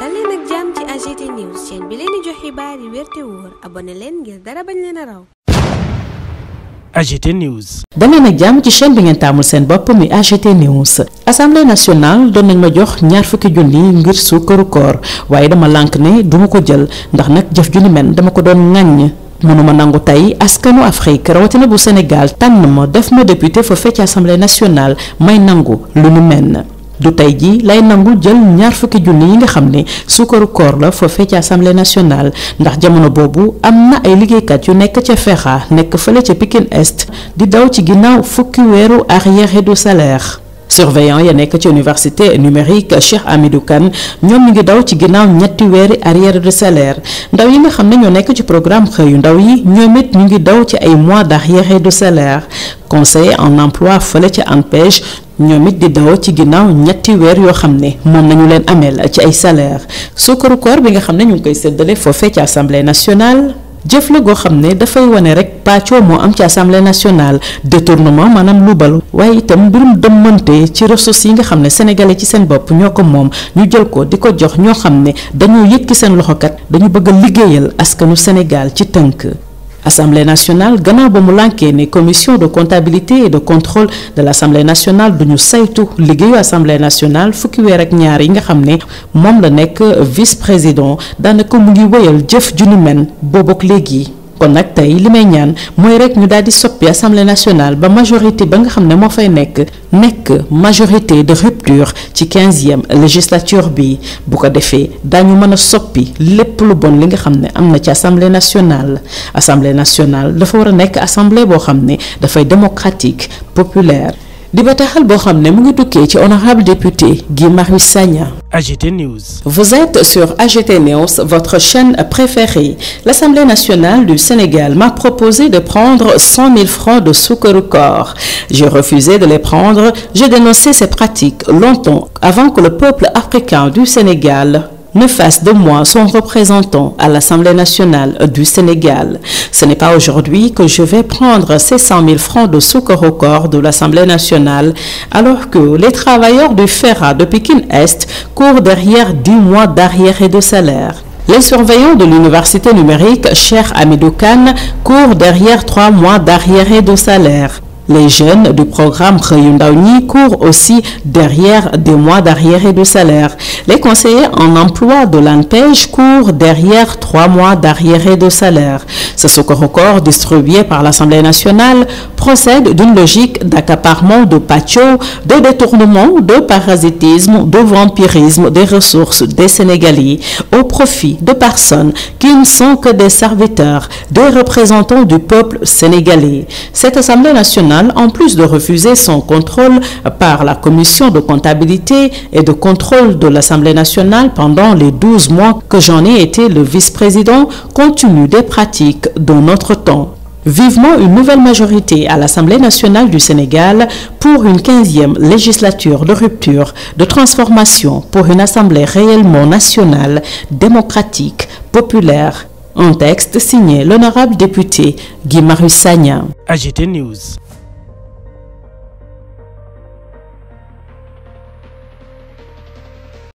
dal leen ak jàmm ci AGT news chaîne leen di jox xibaar ngeen taamul seen bopp mi AGT news assemblée nationale doon nañ ma jox ñaar fukki junni ngir suukaru koor waaye dama lànk ne duma ko jël ndax nag jëf ju ni mel dama ko doon ŋàññ. mënuma nangu tey askanu Afrique rawatina bu Sénégal tànn ma def ma député fa fecc assemblée nationale may nangu lu nu menn du tey ji lay nangu jël ñaar fukki junni yi nga xam ne suukaru koor la foofee ci assemblée nationale ndax jamono boobu am na ay liggéeykat yu nekk ca fexa nekk fële ca Pikine Est di daw ci ginnaaw fukki weeru arriérés du salaire surveillant ya nekk ci université numérique Cheikh Hamidou Kane ñoom ñu ngi daw ci ginnaaw ñetti weeri arrière de salaire ndaw yi nga xam ne ñoo nekk ci programme xëyu ndaw yi ñoom it ñu ngi daw ci ay mois d'arriérés de salaire conseil en emploi fële ca ANPEJ ñoom it di daw ci ginnaaw ñetti weer yoo xam ne moom nañu leen ameel ci ay salaire sukkaru koor bi nga xam ne ñu ngi koy séddale foofee ci assemblée nationale jëf la goo xam ne dafay wane rek pàccoo moo am ci assemblée nationale détournement maanaam luubal waaye itam mbirum dëmmante ci ressources yi nga xam ne sénégalais ci seen bopp ñoo ko moom ñu jël ko di ko jox ñoo xam ne dañoo yëkki seen loxokat dañu bëgg a liggéeyal askanu Sénégal ci tënk assemblée nationale gannaaw ba mu lànkee ne commission de comptabilité et de contrôle de l' assemblée nationale du ñu saytu liggéeyu assemblée nationale fukki weer ak ñaar yi nga xam ne moom la nekk vice président daanaka mu ngi wéyal jëf ju ni men boobook léegi. kon nag tey li may ñaan mooy rek ñu daal di soppi assemblée nationale ba majorité ba nga xam ne moo fay nekk nekk majorité de rupture ci quinzième législature bi bu ko defee daañu mën a soppi lépp lu bon li nga xam ne am na ci assemblée nationale assemblée nationale dafa war a nekk assemblée boo xam ne dafay démocratique populaire di bataaxal boo xam ne mu ngi tukkee ci honorable député Guy Marius Sagna. AGT News. Vous êtes sur AGT News, votre chaîne préférée. L'Assemblée nationale du Sénégal m'a proposé de prendre 100 000 francs de sucre corps. J'ai refusé de les prendre. J'ai dénoncé ces pratiques longtemps avant que le peuple africain du Sénégal me fasse de moi son représentant à l'Assemblée nationale du Sénégal. Ce n'est pas aujourd'hui que je vais prendre francs de secours au corps de l'Assemblée nationale, alors que les travailleurs du FERA de Pékin-Est courent derrière 10 mois d'arriérés de salaire. Les surveillants de l'université numérique, cher Amidou Khan, courent derrière 3 mois d'arriérés de salaire. Les jeunes du programme Xëyu Ndaw ñi courent aussi derrière des mois d'arriérés de salaire. Les conseillers en emploi de l'ANPEJ courent derrière trois mois d'arriérés de salaire. Ce score record distribué par l'Assemblée nationale procède d'une logique d'accaparement de patio, de détournement, de parasitisme, de vampirisme des ressources des Sénégalais au profit de personnes qui ne sont que des serviteurs, des représentants du peuple sénégalais. Cette Assemblée nationale nationale, en plus de refuser son contrôle par la commission de comptabilité et de contrôle de l'Assemblée nationale pendant les 12 mois que j'en ai été le vice-président, continue des pratiques de notre temps. Vivement une nouvelle majorité à l'Assemblée nationale du Sénégal pour une quinzième législature de rupture, de transformation pour une assemblée réellement nationale, démocratique, populaire. Un texte signé l'honorable député Guy Marus Sagna.